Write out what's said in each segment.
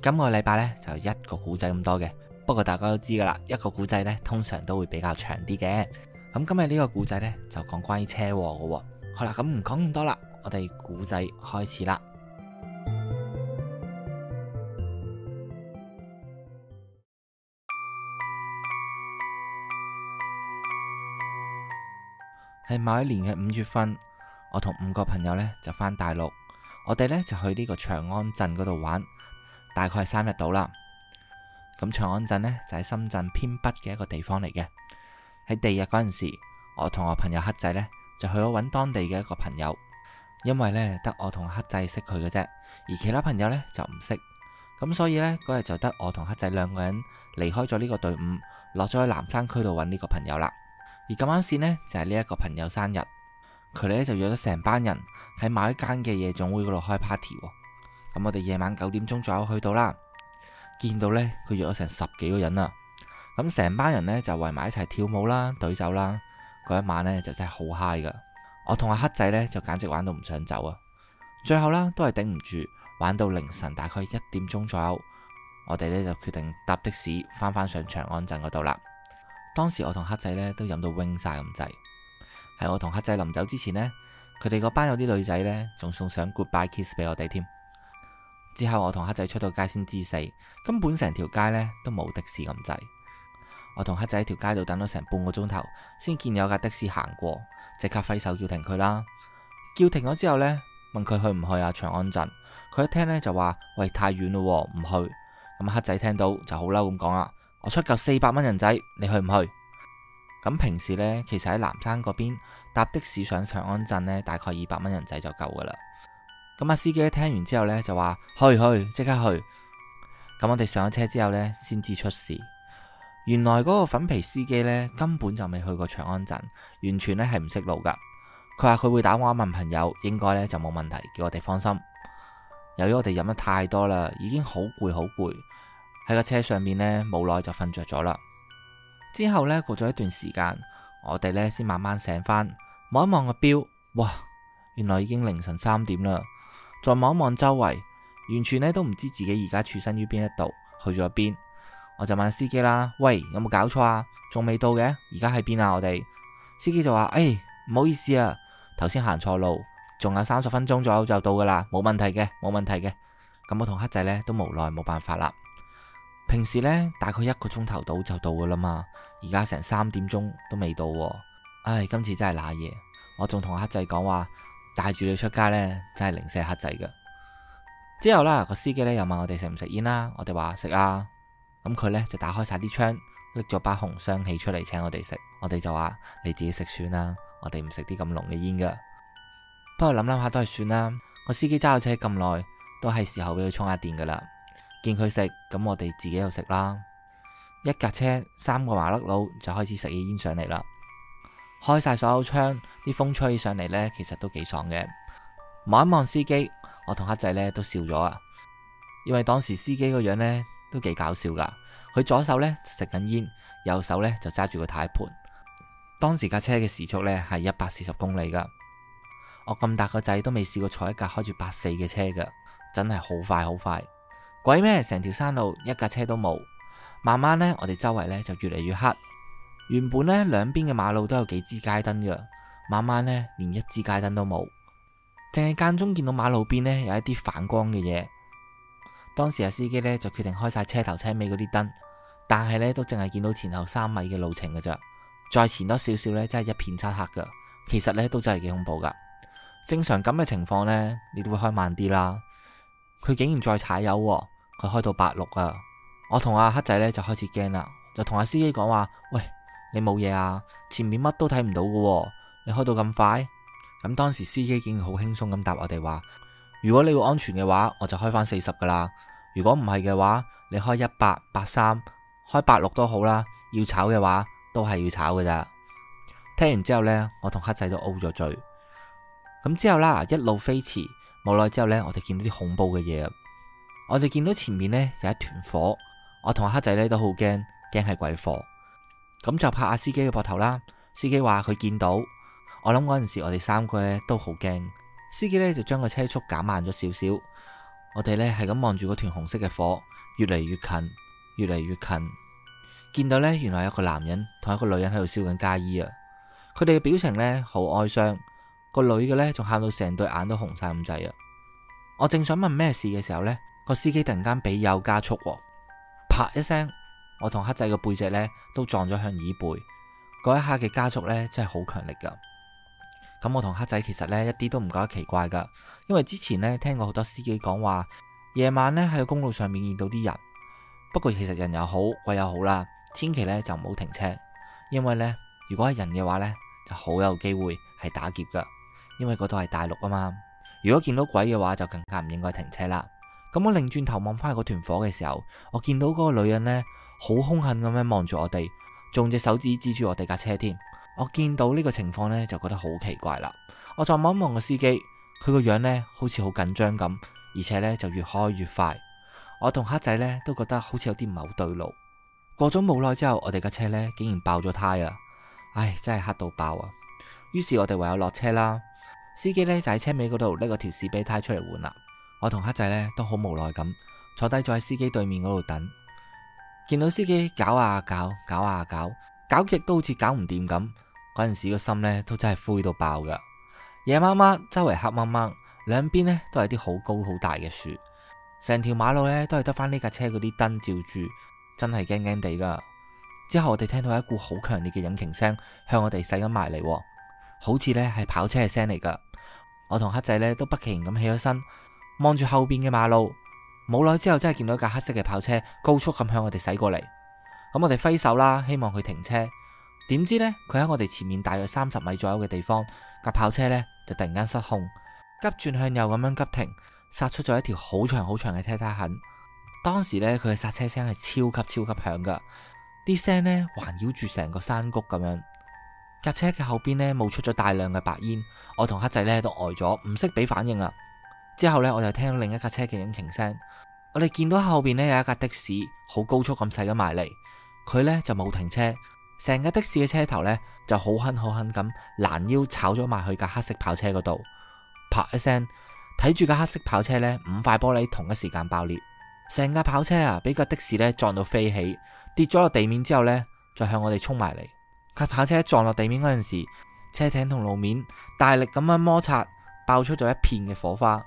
今個禮拜呢，就一個古仔咁多嘅，不過大家都知噶啦，一個古仔呢通常都會比較長啲嘅。咁今日呢個古仔呢，就講關於車禍嘅。好啦，咁、嗯、唔講咁多啦，我哋古仔開始啦。係某一年嘅五月份，我同五個朋友呢就翻大陸，我哋呢，就去呢個長安鎮嗰度玩。大概係三日到啦。咁長安鎮呢，就喺深圳偏北嘅一個地方嚟嘅。喺第二日嗰陣時，我同我朋友黑仔呢，就去咗揾當地嘅一個朋友，因為呢，得我同黑仔識佢嘅啫，而其他朋友呢，就唔識。咁所以呢，嗰日就得我同黑仔兩個人離開咗呢個隊伍，落咗去南山區度揾呢個朋友啦。而咁啱線呢，就係呢一個朋友生日，佢呢，就約咗成班人喺某一間嘅夜總會嗰度開 party，哦。咁我哋夜晚九點鐘左右去到啦，見到呢，佢約咗成十幾個人啊。咁成班人呢，就圍埋一齊跳舞啦、隊酒啦。嗰一晚呢，就真係好嗨㗎。我同阿黑仔呢，就簡直玩到唔想走啊。最後啦，都係頂唔住，玩到凌晨大概一點鐘左右，我哋呢，就決定搭的士翻返上長安鎮嗰度啦。當時我同黑仔呢，都飲到翁晒咁滯。喺我同黑仔臨走之前呢，佢哋嗰班有啲女仔呢，仲送上 goodbye kiss 俾我哋添。之後我同黑仔出到街先知死，根本成條街呢都冇的士咁滯。我同黑仔喺條街度等咗成半個鐘頭，先見有架的士行過，即刻揮手叫停佢啦。叫停咗之後呢，問佢去唔去啊長安鎮？佢一聽呢就話：喂，太遠啦，唔去。咁黑仔聽到就好嬲咁講啦，我出夠四百蚊人仔，你去唔去？咁平時呢，其實喺南山嗰邊搭的士上長安鎮呢，大概二百蚊人仔就夠噶啦。咁啊，司機聽完之後呢，就話去去，即刻去。咁我哋上咗車之後呢，先知出事，原來嗰個粉皮司機呢，根本就未去過長安鎮，完全呢係唔識路噶。佢話佢會打電話問朋友，應該呢就冇問題，叫我哋放心。由於我哋飲得太多啦，已經好攰好攰，喺個車上面呢，冇耐就瞓着咗啦。之後呢，過咗一段時間，我哋呢先慢慢醒返，望一望個表，哇，原來已經凌晨三點啦。再望一望周圍，完全呢都唔知自己而家處身於邊一度，去咗邊。我就問司機啦：，喂，有冇搞錯啊？仲未到嘅，而家喺邊啊？我哋司機就話：，誒、哎，唔好意思啊，頭先行錯路，仲有三十分鐘左右就到噶啦，冇問題嘅，冇問題嘅。咁我同黑仔呢都無奈冇辦法啦。平時呢大概一個鐘頭到就到噶啦嘛，而家成三點鐘都未到，啊，唉、哎，今次真係瀨嘢。我仲同黑仔講話。帶住你出街呢，真係零舍黑仔噶。之後啦，個司機呢又問我哋食唔食煙啦，我哋話食啊。咁佢呢就打開晒啲窗，拎咗把紅雙喜出嚟請我哋食。我哋就話你自己食算啦，我哋唔食啲咁濃嘅煙噶。不過諗諗下都係算啦。個司機揸咗車咁耐，都係時候俾佢充下電噶啦。見佢食，咁我哋自己又食啦。一架車三個麻甩佬就開始食起煙上嚟啦。開晒所有窗，啲風吹上嚟呢，其實都幾爽嘅。望一望司機，我同黑仔呢都笑咗啊，因為當時司機個樣呢都幾搞笑噶。佢左手呢食緊煙，右手呢就揸住個胎盤。當時架車嘅時速呢係一百四十公里噶。我咁大個仔都未試過坐一架開住百四嘅車噶，真係好快好快。鬼咩？成條山路一架車都冇。慢慢呢，我哋周圍呢就越嚟越黑。原本咧兩邊嘅馬路都有幾支街燈嘅，晚晚咧連一支街燈都冇，淨係間中見到馬路邊咧有一啲反光嘅嘢。當時阿司機咧就決定開晒車頭車尾嗰啲燈，但係咧都淨係見到前後三米嘅路程嘅咋，再前多少少咧，真係一片漆黑噶。其實咧都真係幾恐怖噶。正常咁嘅情況咧，你都會開慢啲啦。佢竟然再踩油喎，佢開到八六啊！我同阿黑仔呢就開始驚啦，就同阿司機講話：喂！你冇嘢啊？前面乜都睇唔到噶喎，你開到咁快？咁當時司機竟然好輕鬆咁答我哋話：如果你會安全嘅話，我就開翻四十噶啦。如果唔係嘅話，你開一百、百三、開百六都好啦。要炒嘅話，都係要炒噶咋。聽完之後呢，我同黑仔都嘔咗嘴。咁之後啦，一路飛馳，冇耐之後呢，我哋見到啲恐怖嘅嘢。我哋見到前面呢有一團火，我同黑仔呢都好驚，驚係鬼火。咁就拍阿司機嘅膊頭啦，司機話佢見到，我諗嗰陣時我哋三個呢都好驚，司機呢就將個車速減慢咗少少，我哋呢係咁望住個團紅色嘅火，越嚟越近，越嚟越近，見到呢原來有個男人同一個女人喺度燒緊嫁衣啊，佢哋嘅表情呢好哀傷，個女嘅呢仲喊到成對眼都紅晒咁滯啊，我正想問咩事嘅時候呢，個司機突然間俾油加速，啊，啪一聲。我同黑仔嘅背脊呢都撞咗向椅背，嗰一刻嘅加速呢真係好強力噶。咁我同黑仔其實呢一啲都唔覺得奇怪噶，因為之前呢聽過好多司機講話夜晚呢喺公路上面見到啲人，不過其實人又好鬼又好啦，千祈呢就唔好停車，因為呢如果係人嘅話呢就好有機會係打劫噶，因為嗰度係大陸啊嘛。如果見到鬼嘅話就更加唔應該停車啦。咁我擰轉頭望翻個團火嘅時候，我見到嗰個女人呢。好凶狠咁樣望住我哋，仲隻手指指住我哋架車添。我見到呢個情況呢，就覺得好奇怪啦。我再望一望個司機，佢個樣呢好似好緊張咁，而且呢就越開越快。我同黑仔呢都覺得好似有啲唔好對路。過咗冇耐之後，我哋架車呢竟然爆咗胎啊！唉，真係黑到爆啊！於是我哋唯有落車啦。司機呢就喺車尾嗰度拎個條士啤呔出嚟換啦。我同黑仔呢都好無奈咁坐低咗喺司機對面嗰度等。見到司機搞啊搞，搞啊搞，搞極都好似搞唔掂咁，嗰陣時個心呢都真係灰到爆噶。夜媽媽，周圍黑掹掹，兩邊呢都係啲好高好大嘅樹，成條馬路呢都係得返呢架車嗰啲燈照住，真係驚驚地噶。之後我哋聽到一股好強烈嘅引擎聲向我哋駛緊埋嚟，好似呢係跑車嘅聲嚟噶。我同黑仔呢都不停咁起咗身，望住後邊嘅馬路。冇耐之後真係見到一架黑色嘅跑車高速咁向我哋駛過嚟，咁我哋揮手啦，希望佢停車。點知呢？佢喺我哋前面大約三十米左右嘅地方，架跑車呢就突然間失控，急轉向右咁樣急停，剎出咗一條好長好長嘅車胎痕。當時呢，佢嘅剎車聲係超級超級響噶，啲聲呢，環繞住成個山谷咁樣。架車嘅後邊呢，冒出咗大量嘅白煙，我同黑仔呢，都呆咗，唔識俾反應啊！之後呢，我就聽到另一架車嘅引擎聲。我哋見到後邊呢，有一架的士，好高速咁駛咗埋嚟。佢呢就冇停車，成架的士嘅車頭呢就好狠好狠咁攔腰炒咗埋去架黑色跑車嗰度，啪一聲，睇住架黑色跑車呢五塊玻璃同一時間爆裂，成架跑車啊俾架的士呢撞到飛起，跌咗落地面之後呢，再向我哋衝埋嚟。架跑車撞落地面嗰陣時，車頂同路面大力咁樣摩擦，爆出咗一片嘅火花。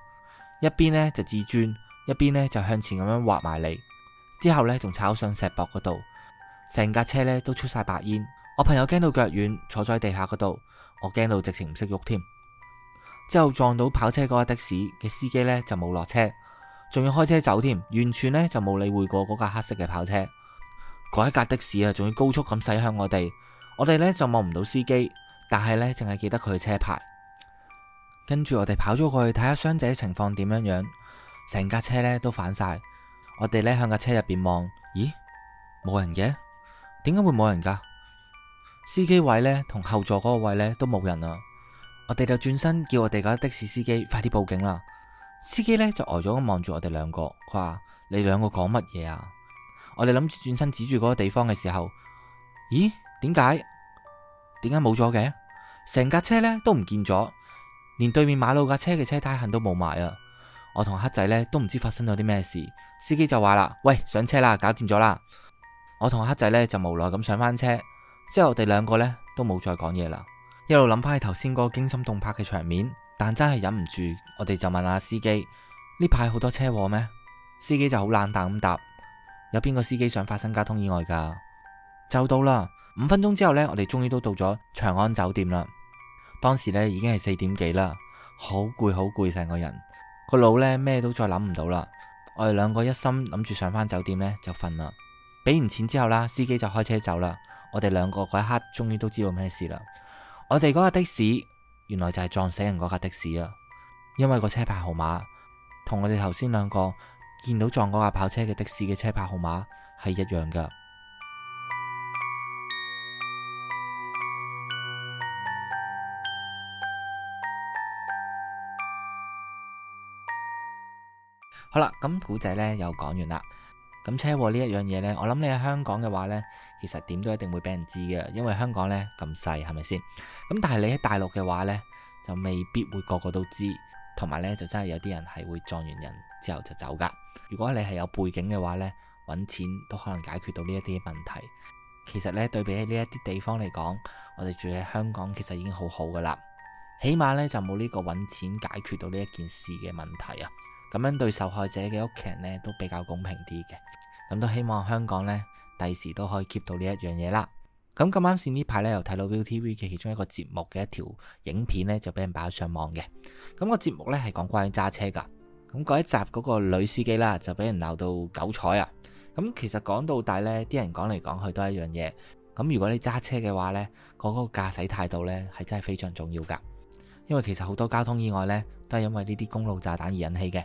一邊呢就自轉，一邊呢就向前咁樣滑埋嚟，之後呢，仲炒上石壆嗰度，成架車呢都出晒白煙。我朋友驚到腳軟，坐在地下嗰度。我驚到直情唔識喐添。之後撞到跑車嗰架的士嘅司機呢，就冇落車，仲要開車走添，完全呢，就冇理會過嗰架黑色嘅跑車。嗰一架的士啊，仲要高速咁駛向我哋，我哋呢，就望唔到司機，但係呢，淨係記得佢嘅車牌。跟住我哋跑咗過去睇下傷者情況點樣樣，成架車呢都反晒。我哋呢向架車入邊望，咦，冇人嘅，點解會冇人㗎？司機位呢同後座嗰個位呢都冇人啊。我哋就轉身叫我哋個的、的士司機快啲報警啦。司機呢就呆咗咁望住我哋兩個，佢話你兩個講乜嘢啊？我哋諗住轉身指住嗰個地方嘅時候，咦，點解點解冇咗嘅？成架車呢都唔見咗。連對面馬路架車嘅車胎痕都冇埋啊！我同黑仔呢都唔知發生咗啲咩事，司機就話啦：喂，上車啦，搞掂咗啦！我同黑仔呢就無奈咁上翻車，之後我哋兩個呢都冇再講嘢啦，一路諗翻起頭先嗰個驚心動魄嘅場面，但真係忍唔住，我哋就問下司機：呢排好多車禍咩？司機就好冷淡咁答：有邊個司機想發生交通意外噶？就到啦，五分鐘之後呢，我哋終於都到咗長安酒店啦。當時呢已經係四點幾啦，好攰好攰成個人很累很累，個腦呢，咩都再諗唔到啦。我哋兩個一心諗住上返酒店呢，就瞓啦。俾完錢之後啦，司機就開車走啦。我哋兩個嗰一刻終於都知道咩事啦。我哋嗰架的士原來就係撞死人嗰架的士啊，因為個車牌號碼同我哋頭先兩個見到撞嗰架跑車嘅的、的士嘅車牌號碼係一樣噶。好啦，咁古仔呢又講完啦。咁車禍呢一樣嘢呢，我諗你喺香港嘅話呢，其實點都一定會俾人知嘅，因為香港呢咁細，係咪先？咁但係你喺大陸嘅話呢，就未必會個個都知，同埋呢就真係有啲人係會撞完人之後就走噶。如果你係有背景嘅話呢，揾錢都可能解決到呢一啲問題。其實呢，對比起呢一啲地方嚟講，我哋住喺香港其實已經好好噶啦，起碼呢就冇呢個揾錢解決到呢一件事嘅問題啊。咁樣對受害者嘅屋企人呢都比較公平啲嘅，咁都希望香港呢第時都可以 keep 到呢一樣嘢啦。咁咁啱先呢排呢，又睇到 Viu TV 嘅其中一個節目嘅一條影片呢，就俾人擺咗上網嘅。咁個節目呢係講關於揸車㗎。咁嗰一集嗰個女司機啦，就俾人鬧到九彩啊。咁其實講到底呢啲人講嚟講去都係一樣嘢。咁如果你揸車嘅話呢，嗰個駕駛態度呢係真係非常重要㗎，因為其實好多交通意外呢，都係因為呢啲公路炸彈而引起嘅。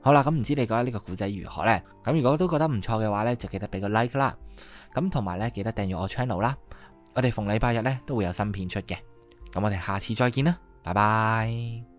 好啦，咁唔知你覺得呢個故仔如何呢？咁如果都覺得唔錯嘅話呢，就記得俾個 like 啦。咁同埋呢，記得訂閱我 channel 啦。我哋逢禮拜日呢，都會有新片出嘅。咁我哋下次再見啦，拜拜。